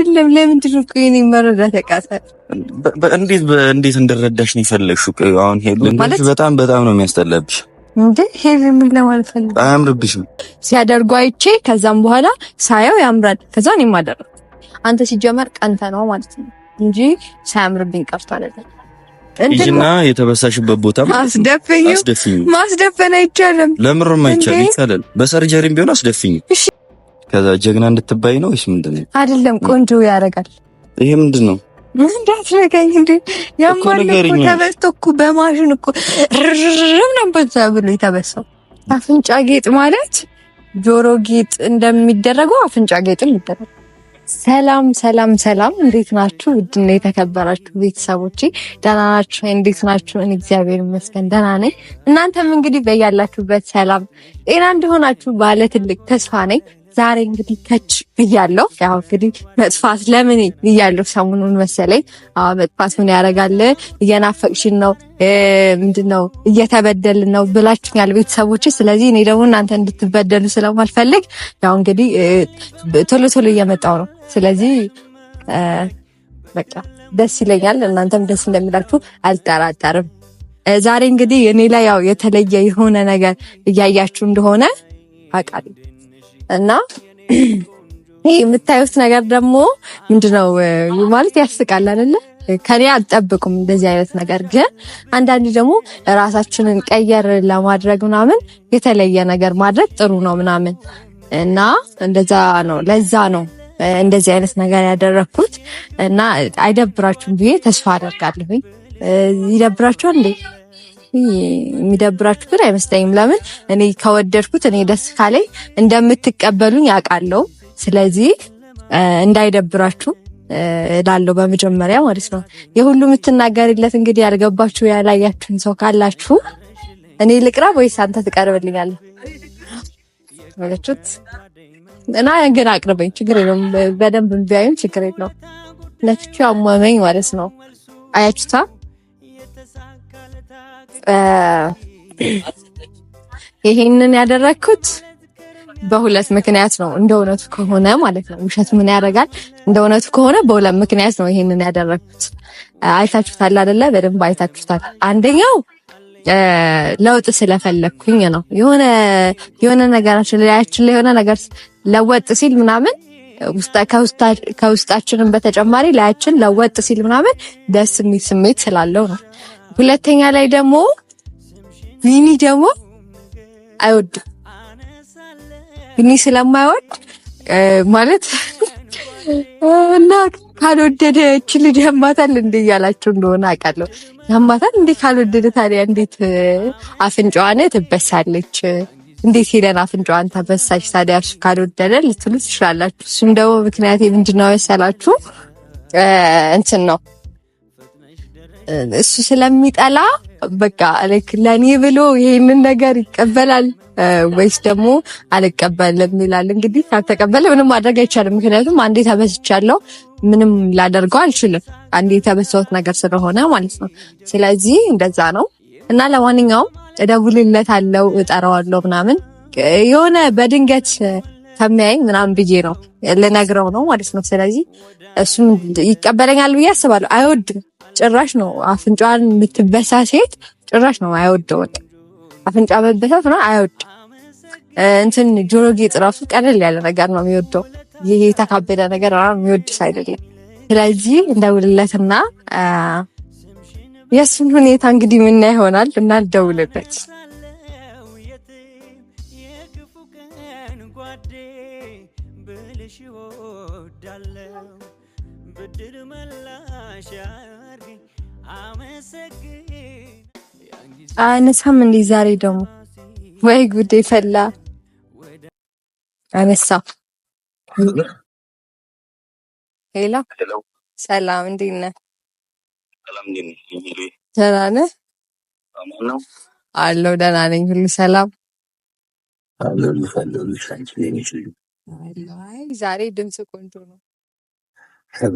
አይደለም። ለምንድን ነው ቆይ እኔን መረዳት ያቃተህ? እንዴት እንዴት እንደረዳሽ ነው የፈለግሽው? ቆይ አሁን ሄልን በጣም በጣም ነው የሚያስጠላብሽ። እንዴ ሄል ምን ለማለት ፈልግ? አያምርብሽም። ሲያደርጉ አይቼ ከዛም በኋላ ሳየው ያምራል። ከዛ እኔም አደረኩ። አንተ ሲጀመር ቀንተ ነው ማለት ነው እንጂ ሳያምርብኝ ቀርቶ አይደለም። ይጅና የተበሳሽበት ቦታ ማስደፈኝ ማስደፈን አይቻልም። ለምርም አይቻልም። ይቻላል። በሰርጀሪም ቢሆን አስደፍኝ። ከዛ ጀግና እንድትባይ ነው ወይስ ምንድን ነው? አይደለም፣ ቆንጆ ያደርጋል። ይሄ ምንድን ነው? እንዳትነገኝ እንዴ! ያማልኩ ተበስቶ እኮ በማሽን እኮ ርርርም ነበር ብሎ የተበሳው። አፍንጫ ጌጥ ማለት ጆሮ ጌጥ እንደሚደረገው አፍንጫ ጌጥም ይደረጋል። ሰላም ሰላም ሰላም፣ እንዴት ናችሁ? ውድና የተከበራችሁ ቤተሰቦቼ ደህና ናችሁ? እንዴት ናችሁ? እኔ እግዚአብሔር ይመስገን ደህና ነኝ። እናንተም እንግዲህ በያላችሁበት ሰላም ጤና እንደሆናችሁ ባለ ትልቅ ተስፋ ነኝ። ዛሬ እንግዲህ ከች ብያለሁ። ያው እንግዲህ መጥፋት ለምን ብያለሁ ሰሞኑን መሰለኝ። አዎ መጥፋት ምን ያደርጋል፣ እየናፈቅሽን ነው ምንድን ነው እየተበደልን ነው ብላችሁኛል ቤተሰቦች። ስለዚህ እኔ ደግሞ እናንተ እንድትበደሉ ስለማልፈልግ ያው እንግዲህ ቶሎ ቶሎ እየመጣው ነው። ስለዚህ በቃ ደስ ይለኛል፣ እናንተም ደስ እንደሚላችሁ አልጠራጠርም። ዛሬ እንግዲህ እኔ ላይ ያው የተለየ የሆነ ነገር እያያችሁ እንደሆነ አውቃለሁ። እና ይህ የምታዩት ነገር ደግሞ ምንድነው ማለት ያስቃል አይደለ? ከኔ አልጠብቁም እንደዚህ አይነት ነገር። ግን አንዳንዴ ደግሞ ራሳችንን ቀየር ለማድረግ ምናምን የተለየ ነገር ማድረግ ጥሩ ነው ምናምን እና እንደዛ ነው። ለዛ ነው እንደዚህ አይነት ነገር ያደረግኩት እና አይደብራችሁም ብዬ ተስፋ አደርጋለሁኝ። ይደብራችኋል እንዴ? የሚደብራችሁ ግን አይመስለኝም። ለምን እኔ ከወደድኩት እኔ ደስ ካለኝ እንደምትቀበሉኝ ያውቃለሁ። ስለዚህ እንዳይደብራችሁ ላለው በመጀመሪያ ማለት ነው። የሁሉ የምትናገርለት እንግዲህ ያልገባችሁ ያላያችሁን ሰው ካላችሁ እኔ ልቅረብ ወይስ አንተ ትቀርብልኛለህ? ወለችሁት እና ግን አቅርበኝ፣ ችግር የለውም። በደንብ ቢያዩን ችግር የለውም። ለፍቼው አሟመኝ ማለት ነው። አያችሁታ ይሄንን ያደረግኩት በሁለት ምክንያት ነው። እንደ እውነቱ ከሆነ ማለት ነው። ውሸት ምን ያደርጋል? እንደ እውነቱ ከሆነ በሁለት ምክንያት ነው ይሄንን ያደረግኩት። አይታችሁታል አይደለ? በደንብ አይታችሁታል። አንደኛው ለውጥ ስለፈለግኩኝ ነው። የሆነ የሆነ ነገራችን ላያችን ላይ የሆነ ነገር ለወጥ ሲል ምናምን ከውስጣችንም በተጨማሪ ላያችን ለወጥ ሲል ምናምን ደስ የሚል ስሜት ስላለው ነው። ሁለተኛ ላይ ደግሞ ቪኒ ደግሞ አይወድም። ቪኒ ስለማይወድ ማለት እና ካልወደደ ልጅ ያማታል እንዴ እያላችሁ እንደሆነ አውቃለሁ። ያማታል እንዴ ካልወደደ ታዲያ እንዴት አፍንጫዋን ትበሳለች? እንዴት ሄደን አፍንጫዋን ተበሳች ታዲያ እርሱ ካልወደደ ልትሉ ትችላላችሁ። እሱም ደግሞ ምክንያት የምንድን ነው መሰላችሁ እንትን ነው እሱ ስለሚጠላ በቃ ልክ ለእኔ ብሎ ይህንን ነገር ይቀበላል ወይስ ደግሞ አልቀበልም ይላል። እንግዲህ ካልተቀበለ ምንም ማድረግ አይቻልም። ምክንያቱም አንዴ ተበስቻለሁ፣ ምንም ላደርገው አልችልም። አንዴ የተበሰውት ነገር ስለሆነ ማለት ነው። ስለዚህ እንደዛ ነው እና ለማንኛውም እደውልለት አለው እጠራዋለሁ ምናምን የሆነ በድንገት ከሚያይ ምናምን ብዬ ነው ልነግረው ነው ማለት ነው። ስለዚህ እሱም ይቀበለኛል ብዬ አስባለሁ። አይወድም ጭራሽ ነው አፍንጫዋን የምትበሳ ሴት ጭራሽ ነው አይወደው። ወጣ አፍንጫ መበሳት ነው አይወድ። እንትን ጆሮ ጌጥ ራሱ ቀለል ያለ ነገር ነው የሚወደው። ይህ የተካበደ ነገር የሚወድስ አይደለም። ስለዚህ እንደውልለትና የእሱን ሁኔታ እንግዲህ ምና ይሆናል እና ልደውልበት ብድር መላሻ አነሳም እንዴ ዛሬ ደግሞ ወይ ጉዴ ፈላ። አነሳ ሄላ ሰላም፣ እንዴት ነህ? ደህና ነህ? አለሁ ደህና ነኝ። ሁሉ ሰላም። ዛሬ ድምጽ ቆንጆ ነው።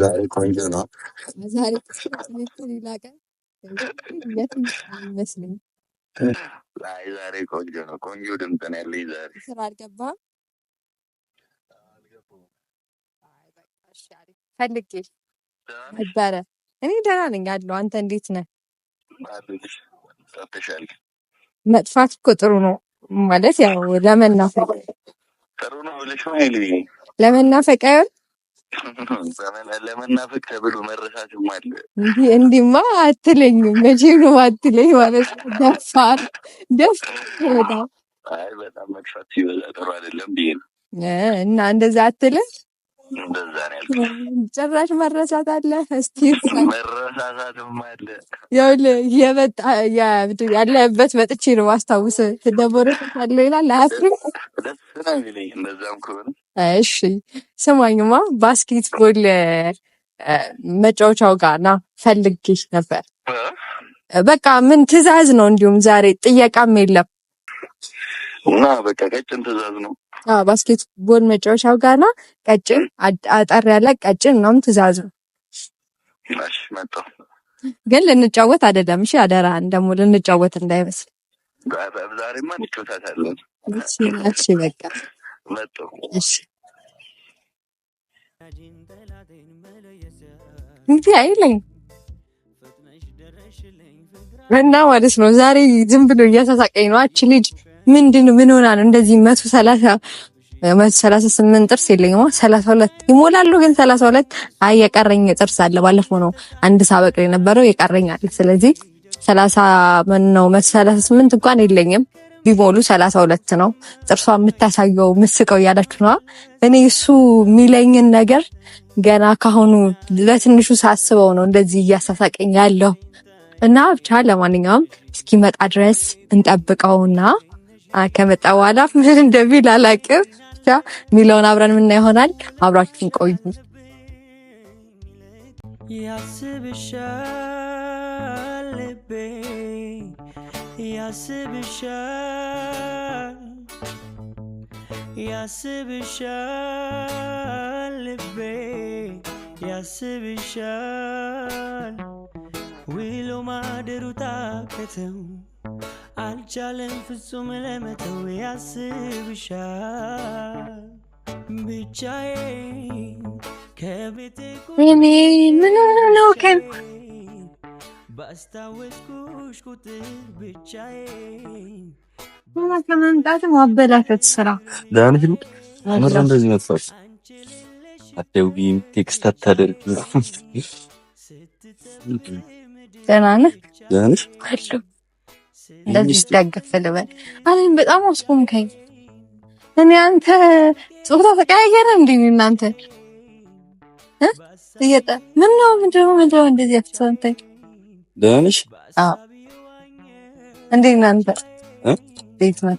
ዛሬ ቆንጆ ነው። ዛሬ ቆንጆ ነው። ቆንጆ ድምፅ ነው ያለኝ ዛሬ። ስራ አልገባም አይ ነበረ። እኔ ደህና ነኝ አለሁ። አንተ እንዴት ነህ? መጥፋት እኮ ጥሩ ነው ማለት ያው ለመናፈቅ ጥሩ ነው ብለሽ ለመናፈቅ አይሆን ለመናፈቅ ተብሎ መረሳትም አለ። እንዲህማ አትለኝም መቼም ነው አትለኝ ማለት ደፋር ደፋር አይ በጣም መግፋት ሲበዛ ጥሩ አይደለም ብዬ ነው። እና እንደዛ አትልም። እንደዛ ነው ያልኩት። ጭራሽ መረሳት አለ። እስቲ መረሳሳትም አለ። መጥቼ ነው ማስታውስ ደቦረሳት አለ ይላል። አያፍርም። ደስ ነው የሚለኝ እንደዛም ከሆነ እሺ ስማኝማ ባስኬትቦል መጫወቻው ጋር ና ፈልግሽ ነበር። በቃ ምን ትዕዛዝ ነው? እንዲሁም ዛሬ ጥየቃም የለም እና በቃ ቀጭን ትዕዛዝ ነው። አዎ ባስኬትቦል መጫወቻው ጋር ና ቀጭን፣ አጠር ያለ ቀጭን ምናምን ትዕዛዝ ነው። እሺ መጣሁ፣ ግን ልንጫወት አይደለም። እሺ አደራህን፣ ደግሞ ልንጫወት እንዳይመስል። ዛሬማ እንጫወታለን። እሺ በቃ መጡ። እንግዲህ አይለኝ እና ማለት ነው። ዛሬ ዝም ብሎ እያሳሳቀኝ ነው። አች ልጅ ምንድን ምን ሆና ነው እንደዚህ? መቶ ሰላሳ መቶ ሰላሳ ስምንት ጥርስ የለኝማ ሰላሳ ሁለት ይሞላሉ። ግን ሰላሳ ሁለት አይ የቀረኝ ጥርስ አለ። ባለፈው ነው አንድ ሳበቅል የነበረው የቀረኝ አለ። ስለዚህ ሰላሳ ምን ነው መቶ ሰላሳ ስምንት እንኳን የለኝም። ቢሞሉ ሰላሳ ሁለት ነው። ጥርሷ የምታሳየው ምስቀው እያለች ነዋ። እኔ እሱ የሚለኝን ነገር ገና ካሁኑ ለትንሹ ሳስበው ነው እንደዚህ እያሳሳቀኝ ያለው እና ብቻ ለማንኛውም እስኪመጣ ድረስ እንጠብቀውና ከመጣ በኋላ ምን እንደሚል አላቅም። ብቻ የሚለውን አብረን ምና ይሆናል። አብራችን ቆዩ። ያስብሻ ያስብሻል ያስብሻል ልቤ ያስብሻል ውሎ ማደሩ ታከተው አልቻለም ፍጹም ለመተው ያስብሻል ብቻዬ ከቤት ምን ነው ከመምጣት ማበላሸት ስራ ደህና ነሽ? ምነው እንደዚህ መጥፋሽ? አትደውይም፣ ቴክስት አታደርጊም። ደህና ነህ? ደህና ነሽ? እንደዚህ ስዳገፍ ልበል አለኝ። በጣም አስቆምከኝ። እኔ አንተ ጾታ ተቀያየረ እንዴ? እናንተ እየጠ ምነው ምንድነው ምንድነው እንደዚህ ያፍሰንተኝ ደህና ነሽ? አዎ። እንዴት ነህ አንተ? እንዴት ነህ?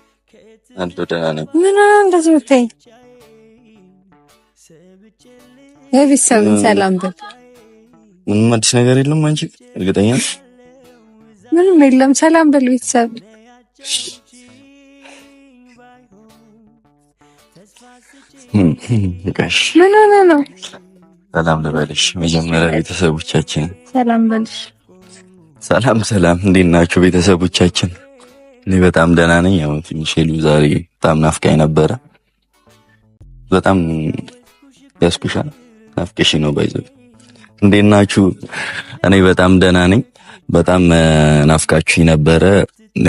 አለሁ ደህና ነኝ። ምን እንደዚህ የምትይኝ? የቤተሰብን ሰላም በል። ምንም አዲስ ነገር የለም። አንቺ እርግጠኛ ነሽ? ምንም የለም። ሰላም በል ቤተሰብ ምን ሆነህ ነው? ሰላም ልበልሽ መጀመሪያ ቤተሰቦቻችን ሰላም በልሽ። ሰላም ሰላም፣ እንዴት ናችሁ ቤተሰቦቻችን? እኔ በጣም ደህና ነኝ። ያው ትንሽ ዛሬ በጣም ናፍቃኝ ነበረ። በጣም ያስኩሻል፣ ናፍቀሽ ነው ባይዘ። እንዴት ናችሁ? እኔ በጣም ደህና ነኝ። በጣም ናፍቃችሁ ነበረ።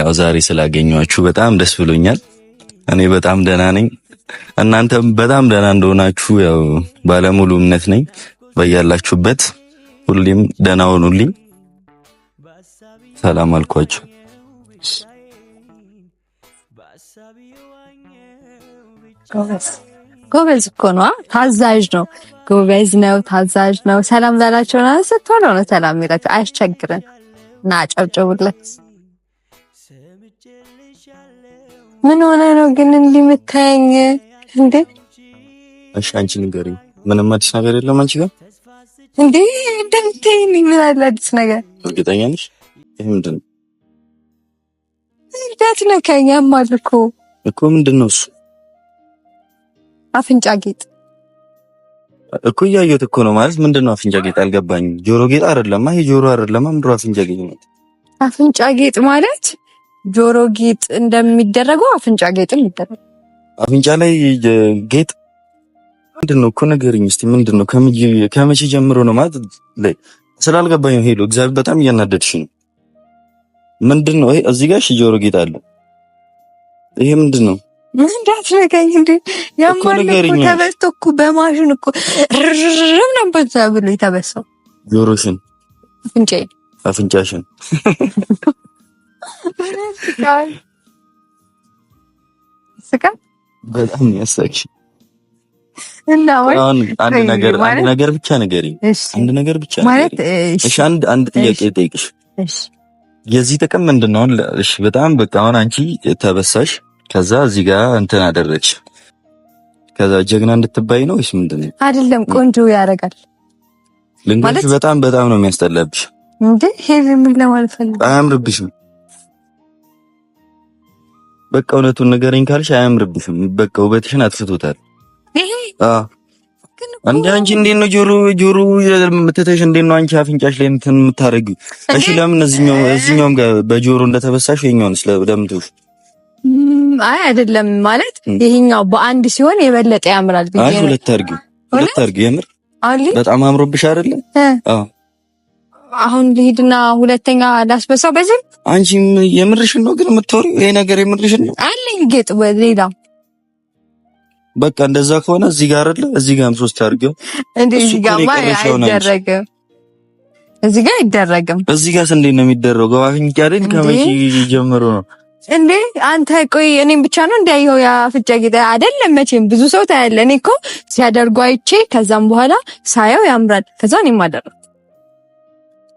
ያው ዛሬ ስላገኘኋችሁ በጣም ደስ ብሎኛል። እኔ በጣም ደህና ነኝ። እናንተም በጣም ደህና እንደሆናችሁ ያው ባለሙሉ እምነት ነኝ። በያላችሁበት ሁሌም ደህና ሆኑልኝ። ሰላም አልኳቸው። ጎበዝ እኮ ነው፣ ታዛዥ ነው። ጎበዝ ነው፣ ታዛዥ ነው። ሰላም ላላቸው ና ስትሆነ ነው ሰላም የሚላቸው አያስቸግርን እና አጨብጭቡለት። ምን ሆነ ነው ግን እንዲህ እንዴ? እሺ አንቺ ንገሪኝ፣ ምንም አዲስ ነገር የለም አንቺ ጋር እንዴ? እንደምታይኝ ምን አለ አዲስ ነገር? እርግጠኛ ነሽ? ይሄ ምንድን ነው? ነካኝ። ያማል እኮ እኮ ምንድን ነው እሱ? አፍንጫ ጌጥ እኮ እያየሁት እኮ ነው። ማለት ምንድን ነው አፍንጫ ጌጥ? አልገባኝም። ጆሮ ጌጥ አይደለማ? ይሄ ጆሮ አይደለማ? ምንድን ነው አፍንጫ ጌጥ? አፍንጫ ጌጥ ማለት ጆሮ ጌጥ እንደሚደረገው አፍንጫ ጌጥም ይደረጋል። አፍንጫ ላይ ጌጥ ምንድን ነው እኮ እስቲ። ምንድን ነው ከመቼ ጀምሮ ነው ማለት ስላልገባኝ። ሄሎ እግዚአብሔር በጣም እያናደድሽ ነው። ምንድን ነው ይሄ? እዚህ ጋር ሽጆሮ ጌጥ አለ። ይሄ ምንድን ነው? እንዳትነካኝ እንዴ! ያማልኩ ተበስቶ እኮ በማሽን እኮ ርርርም ነበር ብሎ የተበሳው። ጆሮሽን፣ አፍንጫዬን፣ አፍንጫሽን ስቃ በጣም ያሳቅሽ። እና ወይ አንድ ነገር አንድ ነገር ብቻ ንገሪኝ። አንድ ነገር ብቻ ማለት እሺ፣ አንድ አንድ ጥያቄ ጠይቅሽ። እሺ የዚህ ጥቅም ምንድን ነው? እሺ በጣም በቃ አሁን አንቺ ተበሳሽ፣ ከዛ እዚህ ጋር እንትን አደረች ከዛ ጀግና እንድትባይ ነው ወይስ ምንድን ነው? አይደለም፣ ቆንጆ ያደርጋል። ልንገርሽ፣ በጣም በጣም ነው የሚያስጠላብሽ። እንዴ ሄቪ ምን ለማለት ፈልግ? አያምርብሽም። በቃ እውነቱን ንገረኝ ካልሽ አያምርብሽም። በቃ ውበትሽን አጥፍቶታል። አዎ እንደ አንቺ እንዴት ነው ጆሮ ጆሮ የምትተሽ? እንዴት ነው አንቺ አፍንጫሽ ላይ እንትን የምታረጊው? እሺ ለምን እዚህኛው እዚህኛውም ጋር በጆሮ እንደተበሳሽ የኛውን ደምቱ? አይ አይደለም ማለት ይሄኛው በአንድ ሲሆን የበለጠ ያምራል ብዬ አይ ሁለት አድርጊው፣ ሁለት አድርጊው። የምር በጣም አምሮብሽ አይደለ? አዎ አሁን ልሂድና ሁለተኛ ላስበሳው በዚህ። አንቺ የምርሽን ነው ግን የምትወሪው ይሄ ነገር የምርሽን ነው አለኝ ጌጥ ሌላ በቃ እንደዛ ከሆነ እዚህ ጋር አይደለ? እዚህ ጋርም ሶስት አድርገው እንዴ! እዚህ ጋር አይደረግም፣ እዚህ ጋር አይደረግም። እዚህ ጋር እንዴ ነው የሚደረገው? ገባኝ አይደል? ከመቼ ጀምሮ ነው እንዴ? አንተ ቆይ፣ እኔም ብቻ ነው እንዳየው የአፍንጫ ጌጥ አይደለም? መቼም ብዙ ሰው ታያለ። እኔ እኮ ሲያደርጉ አይቼ ከዛም በኋላ ሳየው ያምራል፣ ከዛ እኔም አደረኩት።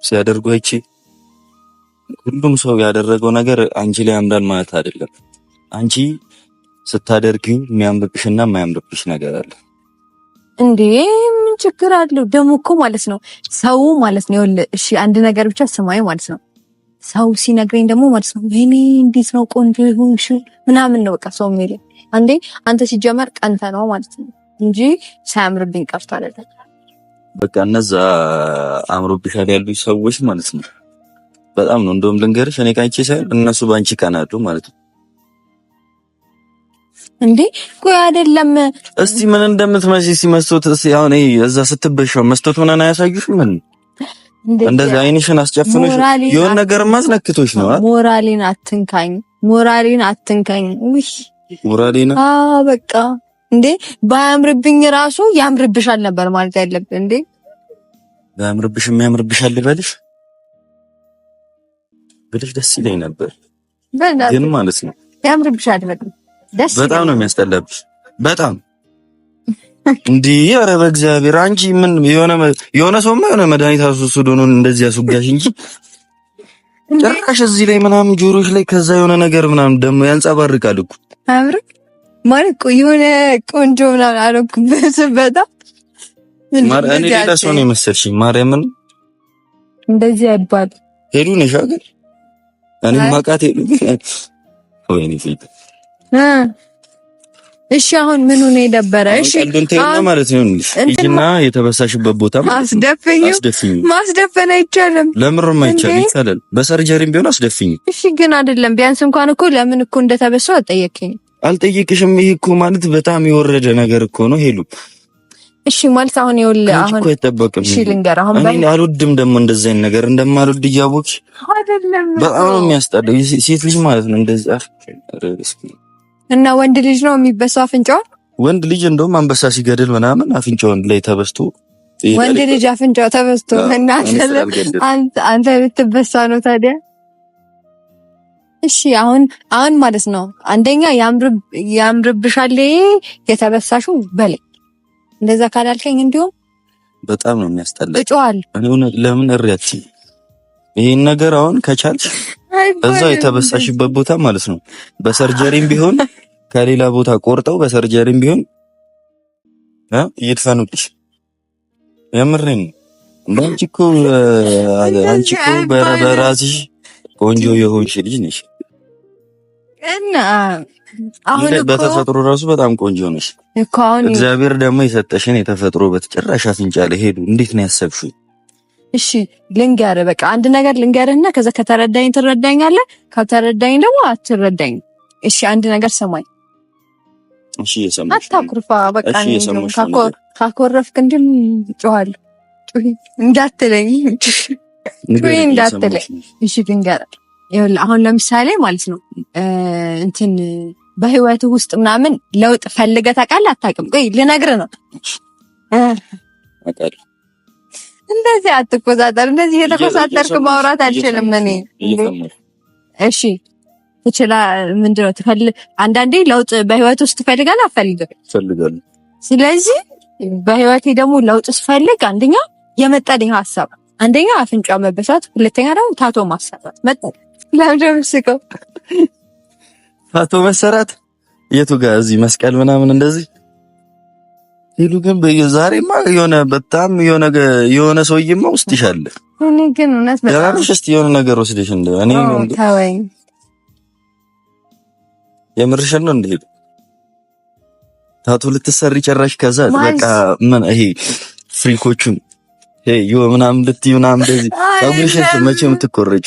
ሲያደርጉ አይቼ ሁሉም ሰው ያደረገው ነገር አንቺ ላይ ያምራል ማለት አይደለም አንቺ ስታደርግኝ የሚያምርብሽና የማያምርብሽ ነገር አለ እንዴ? ምን ችግር አለው? ደሞ እኮ ማለት ነው ሰው ማለት ነው እሺ፣ አንድ ነገር ብቻ ስማዩ ማለት ነው ሰው ሲነግረኝ ደግሞ ማለት ነው ወይኔ እንዴት ነው ቆንጆ ይሁንሽ ምናምን ነው በቃ ሰው የሚለኝ። አንዴ አንተ ሲጀመር ቀንተ ነው ማለት ነው እንጂ ሳያምርብኝ ቀርቶ አለ በቃ እነዛ አምሮብሻል ያሉ ሰዎች ማለት ነው በጣም ነው እንደውም ልንገርሽ፣ እኔ ቃንቼ ሳይሆን እነሱ በአንቺ ቀናሉ ማለት ነው እንዴ ቆይ አይደለም። እስቲ ምን እንደምትመስይ ሲመስቶት እስቲ አሁን ይሄ እዛ ስትበሻው መስቶት ምናምን አያሳዩሽም? ምን እንደዛ አይንሽን አስጨፍኖሽ የሆነ ነገር ማስነክቶሽ ነው። አይደል ሞራሊን አትንካኝ፣ ሞራሊን አትንካኝ። ውይ ሞራሊን አ በቃ እንዴ ባያምርብኝ ራሱ ያምርብሻል ነበር ማለት ያለብን እንዴ። ባያምርብሽም የሚያምርብሻል ልበልሽ ብልሽ ደስ ይለኝ ነበር፣ ግን ማለት ነው ያምርብሻል በቃ በጣም ነው የሚያስጠላብሽ። በጣም እንዲህ ኧረ በእግዚአብሔር አንቺ ምን የሆነ ሰውማ የሆነ መድኃኒት አስወስዶ እንደዚህ ያስወጋሽ እንጂ ጭራሽ እዚህ ላይ ምናምን ጆሮች ላይ ከዛ የሆነ ነገር ምናምን ደግሞ ያንጸባርቃል እኮ አብረን ማለት እኮ የሆነ ቆንጆ ምናምን አለኩበት። በጣም እኔ ሌላ ሰው ነው የመሰልሽኝ። ማርያምን እንደዚህ አይባልም። ሄዱ ነሻ ግን እኔ ማቃት ሄዱ ወይኔ እሺ አሁን ምን ሆነ የደበረ? እሺ አሁን ማለት ነው እና የተበሳሽበት ቦታ አስደፍኝ ማስደፈን አይቻልም። ለምርም አይቻልም፣ ይቻላል። በሰርጀሪም ቢሆን አስደፍኝ። እሺ ግን አይደለም። ቢያንስ እንኳን እኮ ለምን እኮ እንደተበሳው አልጠየቅኝ አልጠየቅሽም። ይሄ እኮ ማለት በጣም የወረደ ነገር እኮ ነው ሄሉ። እሺ ማለት አሁን ይኸውልህ፣ አሁን እኮ አይጠበቅም። እሺ ልንገር፣ አሁን እኔ አልወድም ደግሞ እንደዚህ አይነት ነገር እንደማልወድ እያወቅሽ አይደለም። በጣም ነው የሚያስጠላው ሴት ልጅ ማለት ነው እንደዚህ እና ወንድ ልጅ ነው የሚበሳው አፍንጫውን። ወንድ ልጅ እንደውም አንበሳ ሲገድል ምናምን አፍንጫውን ላይ ተበስቶ ወንድ ልጅ አፍንጫው ተበስቶ እና አንተ ልትበሳ ነው ታዲያ? እሺ አሁን አሁን ማለት ነው አንደኛ ያምርብሻል የተበሳሹ በለኝ። እንደዛ ካላልከኝ እንዲሁም በጣም ነው የሚያስጠላ። እጮዋል ለምን እሪያት ይሄን ነገር አሁን ከቻልሽ እዛ የተበሳሽበት ቦታ ማለት ነው። በሰርጀሪም ቢሆን ከሌላ ቦታ ቆርጠው በሰርጀሪም ቢሆን እየተፈኑብሽ የምሬን አንቺ እኮ አንቺ እኮ በራስሽ ቆንጆ የሆንሽ ልጅ ነሽ እና አሁን በተፈጥሮ ራሱ በጣም ቆንጆ ነሽ። እግዚአብሔር ደግሞ የሰጠሽን የተፈጥሮ በተጨራሽ አፍንጫ ላይ ሄዱ። እንዴት ነው ያሰብሽው? እሺ ልንገርህ፣ በቃ አንድ ነገር ልንገርህና ከዛ ከተረዳኝ ትረዳኛለህ፣ ካልተረዳኝ ደግሞ አትረዳኝ። እሺ አንድ ነገር ሰማኝ። እሺ የሰማሽ አታኩርፋ። በቃ ካኮር ካኮረፍክ እንዲም ጮሃለሁ። ጩሂ እንዳትለኝ፣ ጩሂ እንዳትለኝ። እሺ ልንገርህ፣ ይኸውልህ አሁን ለምሳሌ ማለት ነው እንትን በህይወቱ ውስጥ ምናምን ለውጥ ፈልገህ ታውቃለህ? አታውቅም? ቆይ ልነግርህ ነው። አውቃለሁ እንደዚህ አትቆጣጠር። እንደዚህ የተቆጣጠርክ ማውራት አልችልም እኔ። እሺ ትችላ ምንድን ነው ትፈልግ? አንዳንዴ ለውጥ በህይወት ውስጥ ትፈልጋል አፈልግም እፈልጋለሁ። ስለዚህ በህይወቴ ደግሞ ለውጥ ስፈልግ አንደኛ የመጣልኝ ሀሳብ አንደኛ አፍንጫ መበሳት፣ ሁለተኛ ደግሞ ታቶ ማሰራት መጣልኝ። ለምን ደም ስቀው ታቶ መሰራት የቱ ጋር እዚህ መስቀል ምናምን እንደዚህ ሄሉ ግን ዛሬማ የሆነ በጣም የሆነ የሆነ ሰውዬማ ውስጥሽ አለ። እኔ ግን እውነት በጣም የሆነ ነገር ወስደሽ እንደ እኔ የምርሽን ነው ልትሰሪ ጨራሽ። ከዛ በቃ ምን ይሄ ፍሪኮቹን ይሄ ዩ ምናምን ልትዩ ምናምን እንደዚህ ታውሽሽ መቼም ትቆረጭ።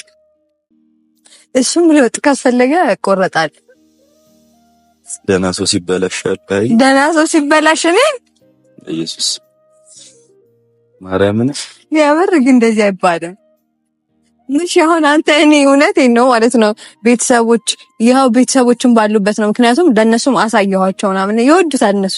እሱም ሊወጥ ካስፈለገ ቆረጣል። ደህና ሰው አይ ደህና ሰው ሲበላሽ እኔ ኢየሱስ ማርያምን የምር ግን እንደዚህ አይባልም። ምሽ አሁን አንተ እኔ እውነት ነው ማለት ነው። ቤተሰቦች ይኸው ቤተሰቦችን ባሉበት ነው። ምክንያቱም ለእነሱም አሳየኋቸው ምናምን ይወዱታል እነሱ።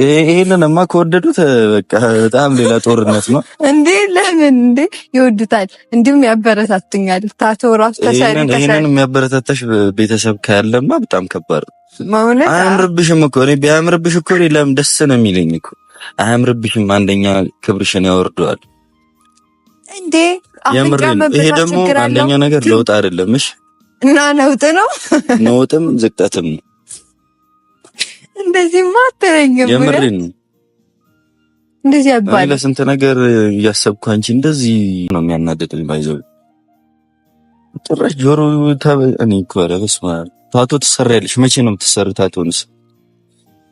ይሄንንማ ከወደዱት በቃ በጣም ሌላ ጦርነት ነው እንዴ! ለምን እንዴ ይወዱታል፣ እንዲሁም ያበረታትኛል። ታቶ ራሱ ተሰሪ ተሰሪ የሚያበረታታሽ ቤተሰብ ካለማ በጣም ከባድ ነው። አያምርብሽም እኮ እኔ ቢያምርብሽ እኮ ለምን ደስ ነው የሚለኝ እኮ አያምርብሽም። አንደኛ ክብርሽን ያወርደዋል እንዴ። የምር ይሄ ደግሞ አንደኛ ነገር ለውጥ አይደለም። እሺ እና ነውጥ ነው፣ ነውጥም ዝቅጠትም ነው። እንደዚህ ማተረኝም የምር ነው። እንደዚህ አባል ለስንት ነገር እያሰብኩ አንቺ እንደዚህ ነው የሚያናደደኝ። ባይዘው ጭራሽ ጆሮ ታበ እኔ እኮ ኧረ በስመ አብ ታቶ ትሰሪያለሽ። መቼ ነው የምትሰሪ ታቶንስ?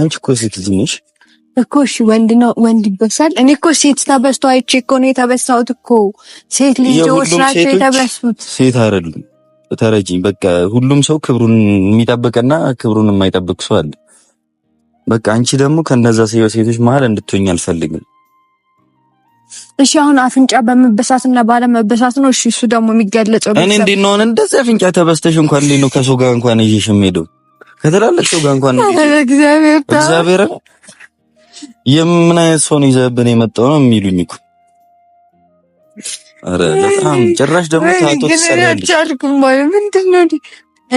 አንቺ እኮ ሴት ልጅ ነሽ እኮ እሺ፣ ወንድ ነው ወንድ ይበሳል። እኔ እኮ ሴት ተበስቶ አይቼ እኮ ነው የተበሳሁት እኮ ሴት ልጆች ናቸው የተበሱት። ሴት አይደሉም። ተረጅኝ በቃ ሁሉም ሰው ክብሩን የሚጠብቅና ክብሩን የማይጠብቅ ሰው አለ። በቃ አንቺ ደግሞ ከነዛ ሰው ሴቶች መሀል እንድትሆኝ አልፈልግም። እሺ አሁን አፍንጫ በመበሳት እና ባለመበሳት ነው። እሺ እሱ ደግሞ የሚገለጸው እኔ እንዴት ነው እንደዚህ አፍንጫ ተበስተሽ እንኳን እንዴት ነው ከሰው ጋር እንኳን ይዤሽ የምሄደው ከትላልቅ ሰው ጋር እንኳን እግዚአብሔር እግዚአብሔር የምን አይነት ሰው ነው ይዘህብን የመጣው ነው የሚሉኝ እኮ። አረ በጣም ጭራሽ ደግሞ ታቶ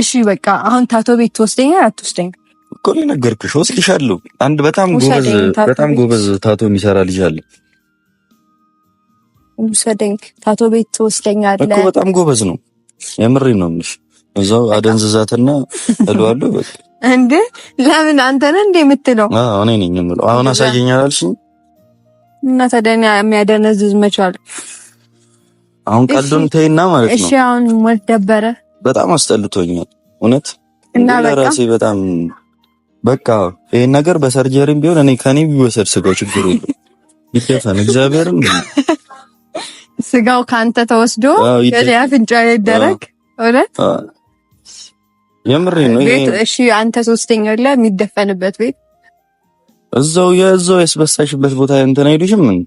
እሺ በቃ አሁን ታቶ ቤት ትወስደኛል አትወስደኝ? እኮ እኔ ነገርኩሽ፣ ወስድሻለሁ። አንድ በጣም ጎበዝ በጣም ጎበዝ ታቶ የሚሰራ ልጅ አለ። ውሰደኝ፣ ታቶ ቤት ትወስደኛለህ እኮ። በጣም ጎበዝ ነው። የምሬን ነው የምልሽ እዛው አደንዝዛትና እለዋለሁ። በቃ እንዴ ለምን አንተ ነህ እንዴ የምትለው? አዎ እኔ ነኝ የምለው። አሁን አሳየኛል አላልሽኝ? እና ታዲያ የሚያደነዝዝ መቻል አሁን ቀልዱን ተይና ማለት ነው። እሺ አሁን ሞት ደበረ። በጣም አስጠልቶኛል እውነት። እና ራሴ በጣም በቃ ይሄን ነገር በሰርጀሪም ቢሆን እኔ ከኔ ቢወሰድ ስጋው ችግር የለም ይከፈን። እግዚአብሔርም ስጋው ካንተ ተወስዶ ያ ያፍንጫ ይደረግ እውነት የምሬ ነው። ቤት። እሺ አንተ ሶስተኛ ላይ የሚደፈንበት ቤት እዛው የዛው ያስበሳሽበት ቦታ እንትን አይሉሽም? ምን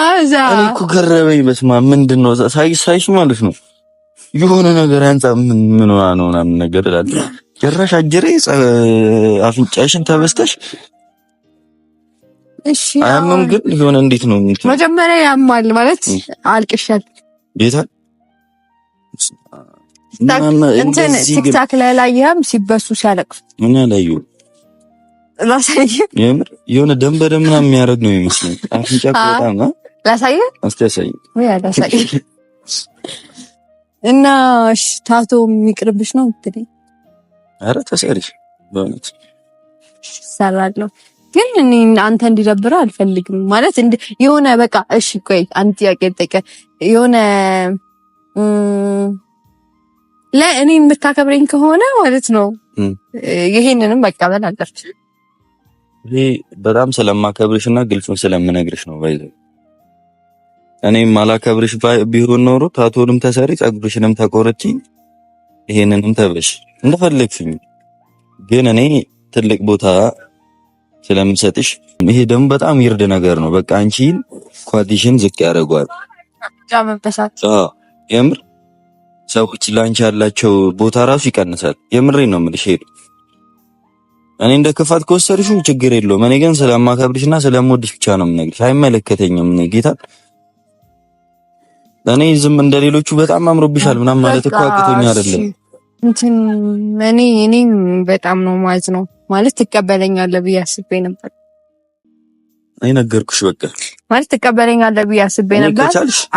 አዛ እኔ እኮ ገረበኝ። በስማ ምንድን ነው ሳይሽ ማለት ነው የሆነ ነገር አንጻ ምን ምን ነው ምናምን ነገር እላለሁ። ጭራሽ አጀሬ አፍንጫሽን ተበስተሽ እሺ፣ አያምም ግን የሆነ እንዴት ነው መጀመሪያ ያማል ማለት አልቅሻል ጌታ ቲክታክ ላይ ሲበሱ ሲያለቅሱ የሆነ ደም በደም ምናምን የሚያደርግ ነው አፍንጫ በጣም እና ታቶ የሚቅርብሽ ነው አረ በእውነት ሰራለሁ ግን እኔ አንተ እንዲደብረ አልፈልግም። ማለት የሆነ በቃ እሺ፣ ቆይ አንድ ጥያቄ የሆነ ለእኔ የምታከብረኝ ከሆነ ማለት ነው ይሄንንም መቀበል አለች። ይህ በጣም ስለማከብርሽ እና ግልጹን ስለምነግርሽ ነው። ባይዘ እኔ ማላከብርሽ ቢሆን ኖሮ ታቶንም ተሰሪ ጸጉርሽንም ተቆረጪ ይሄንንም ተበሽ እንደፈለግሽኝ። ግን እኔ ትልቅ ቦታ ስለምሰጥሽ ይሄ ደግሞ በጣም ይርድ ነገር ነው። በቃ አንቺን ኳዲሽን ዝቅ ያደርገዋል። የምር ሰዎች ላንቺ ያላቸው ቦታ ራሱ ይቀንሳል። የምሬ ነው የምልሽ ሄዱ። እኔ እንደ ክፋት ከወሰድሽው ችግር የለውም። እኔ ግን ስለማከብርሽና ስለምወድሽ ብቻ ነው የምነግርሽ። አይመለከተኝም። እኔ ጌታ እኔ ዝም እንደ ሌሎቹ በጣም አምሮብሻል ምናምን ማለት እኮ አቅቶኝ አይደለም። እንትን እኔ እኔ በጣም ነው ማለት ነው ማለት ትቀበለኛለህ ብዬ አስቤ ነበር። እኔ ነገርኩሽ በቃ ማለት ትቀበለኛለህ ብዬ አስቤ ነበር።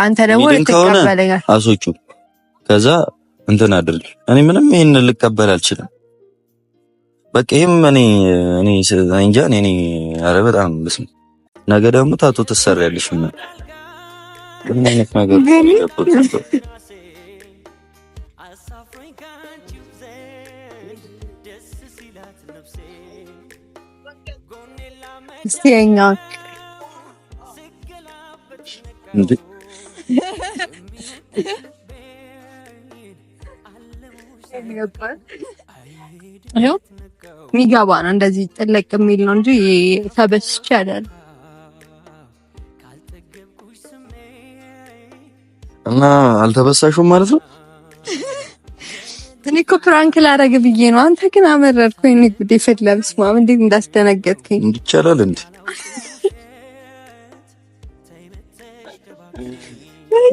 አንተ ደግሞ ልትቀበለኛል አሶቹ ከዛ እንትን አድርግ። እኔ ምንም ይሄን ልቀበል አልችልም። በቃ ይህም እኔ እኔ እንጃ እኔ አረ በጣም ብስም ነገ ደግሞ ታቶ ትሰሪያለሽ ምን አይነት ነገር እንዴ ይኸው የሚገባ ነው። እንደዚህ ጥልቅ የሚል ነው እንጂ ተበስቼ አይደል። እና አልተበሳሹም ማለት ነው። እኔ እኮ ፕራንክ ላደርግ ብዬ ነው። አንተ ግን አመረርኩኝ። እኔ ጉዴ ፈድ ለብስ ማም እንዴት እንዳስደነገጥከኝ እንዲቻላል እንዴ!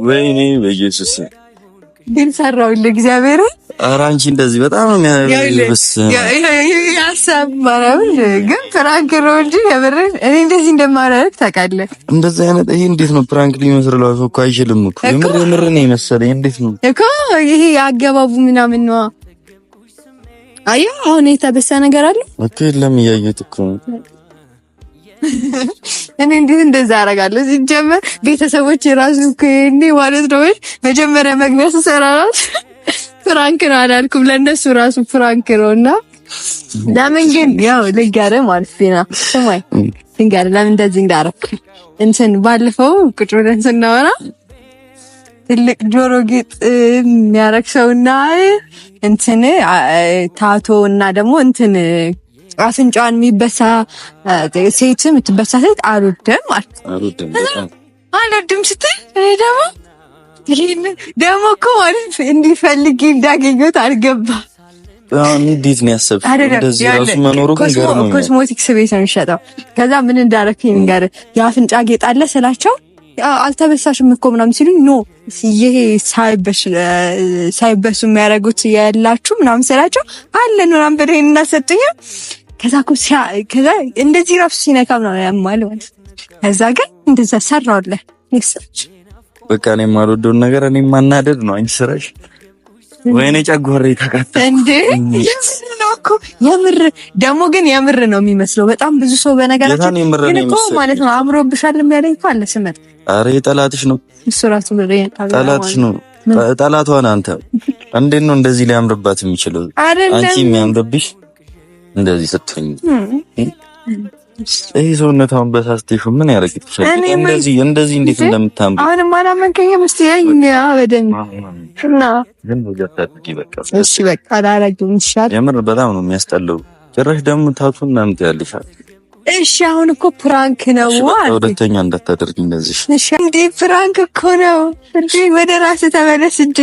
ወይኔ በኢየሱስ ግን ሰራውል እግዚአብሔር አራንቺ እንደዚህ በጣም የሚያበስ ያሳብ ግን ፕራንክ ነው እንጂ የምር እኔ እንደዚህ እንደማላደርግ ታውቃለህ። እንደዚህ አይነት ይሄ እንዴት ነው ፕራንክ ሊመስለው? ላሱ እኮ አይችልም እኮ የምር የምር ነው የመሰለኝ። እንዴት ነው እኮ ይሄ አገባቡ ምናምን ነው። አየሁ አሁን የታበሳ ነገር አለ እኮ የለም እያየሁት እኮ ነው እኔ እንዴት እንደዛ አደርጋለሁ? ሲጀመር ቤተሰቦች የራሱ ከኔ ማለት ነው መጀመሪያ መግቢያ ስሰራራት ፍራንክ ነው አላልኩም። ለእነሱ ራሱ ፍራንክ ነው እና ለምን ግን ያው ልንገርህ ማለት ዜና ስማኝ፣ ልንገርህ ለምን እንደዚህ እንዳረኩ እንትን ባለፈው ቁጭ ብለን ስናወራ ትልቅ ጆሮ ጌጥ የሚያረግ ሰውና እንትን ታቶ እና ደግሞ እንትን አፍንጫዋን የሚበሳ ሴት የምትበሳ ሴት አልወድም አልወድም አልወድም ስትል እኔ ደግሞ ደግሞ እኮ ማለት እንዲፈልግ እንዳገኘት አልገባ እንዴት ነው ያሰብሽ? ኮስሞቲክስ ቤት ነው የሚሸጠው። ከዛ ምን እንዳደረግኝ ንገር የአፍንጫ ጌጥ አለ ስላቸው አልተበሳሽም እኮ ምናምን ሲሉኝ ኖ ይሄ ሳይበሱ የሚያደርጉት ያላችሁ ምናምን ስላቸው አለን ምናምን ብለህ እናሰጡኝም ከዛ እኮ ከዛ እንደዚህ ራሱ ሲነካም ነው ያማል ማለት ከዛ ግን እንደዛ ሰራውለ ኔክስት በቃ እኔ የማልወደውን ነገር እኔ ማናደድ ነው አንቺ ስራሽ። ወይኔ ጨጓሬ ተቃጠለ እንዴ! የምር ደግሞ ግን የምር ነው የሚመስለው። በጣም ብዙ ሰው በነገራችን ግን እኮ ማለት ነው አምሮብሻል የሚያለኝ እኮ አለ ስመት። ኧረ ጠላትሽ ነው እሱ ራሱ ጠላትሽ ነው። ጠላቷን አንተ እንዴት ነው እንደዚህ ሊያምርባት የሚችለው? አንቺ የሚያምርብሽ እንደዚህ ስትኝ ይሄ ሰውነት አሁን በሳስቴሽን ምን ያደርግልሻል? እንደዚህ እንደዚህ እንዴት እንደምታምሪ አሁንም አላመንከኝም። እስቲ ያይኝ በደንብ እና እሺ በቃ አላረግም ይሻል። የምር በጣም ነው የሚያስጠላው። ጭራሽ ደግሞ ታቱን ምናምን ትያለሻል። እሺ አሁን እኮ ፕራንክ ነው። ሁለተኛ እንዳታደርጊ እንደዚህ። እንዴ ፕራንክ እኮ ነው እንዴ። ወደ ራስ ተመለስ እንዴ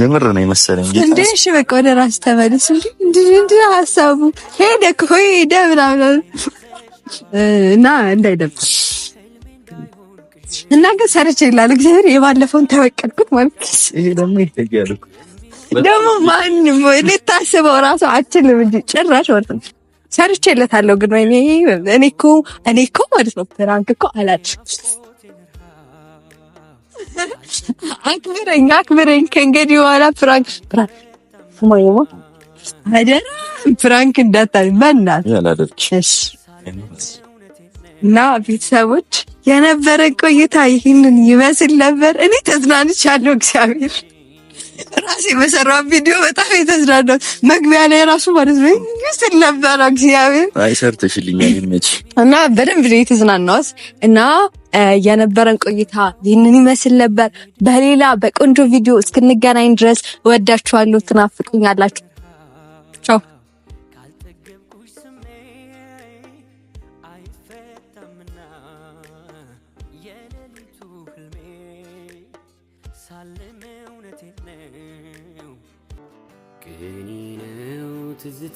የምር ነው የመሰለኝ። እንዴ እሺ በቃ ወደ ራስ ተመለስ። እንዴ እንዴ ሀሳቡ ሄደ እኮ ሄደ ምናምን እና እንዳይደብር እና ግን ሰርቼ ይላል እግዚአብሔር የባለፈውን ተበቀልኩት ማለት ይሄ ደግሞ ይተጋል ደግሞ ማንም ልታስበው ራሱ አችልም እንጂ ጭራሽ ወጥ ሰርቼለታለሁ። ግን ወይኔ እኔ እኮ እኔ እኮ ማለት ነው ፕራንክ እኮ አላችሁ አክብረኝ አክብረኝ። ከእንግዲህ በኋላ ፍራንክ አይደል ፍራንክ እንዳታል መናት ያላደርች እና ቤተሰቦች የነበረ ቆይታ ይህንን ይመስል ነበር። እኔ ተዝናንቻለሁ እግዚአብሔር ራሴ በሰራ ቪዲዮ በጣም የተዝናናሁት መግቢያ ላይ ራሱ ማለት ነው ስል ነበረ። እግዚአብሔር አይሰርተሽልኛል መች እና በደንብ ነው የተዝናናሁት እና የነበረን ቆይታ ይህንን ይመስል ነበር። በሌላ በቆንጆ ቪዲዮ እስክንገናኝ ድረስ ወዳችኋለሁ። ትናፍቁኛላችሁ።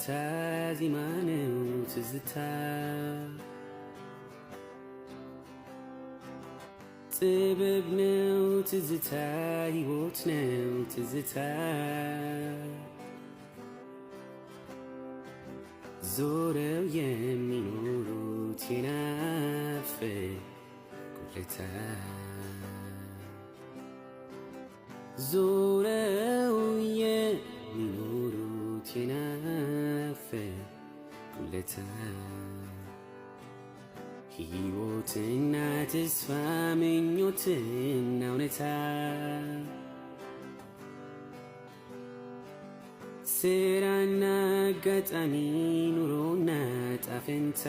ጌታ ዜማ ነው ትዝታ ጥበብ ነው ትዝታ ሕይወት ነው ትዝታ ዞረው የሚኖሩት የናፍ ጉልታ ዞረው የሚኖሩት የናፍ ሁለት ሕይወትና ተስፋ ምኞትና እውነታ ስራና አጋጣሚ ኑሮና ጣፈንታ